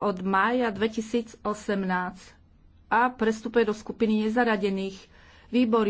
od mája 2018 a prestupuje do skupiny nezaradených. Výbory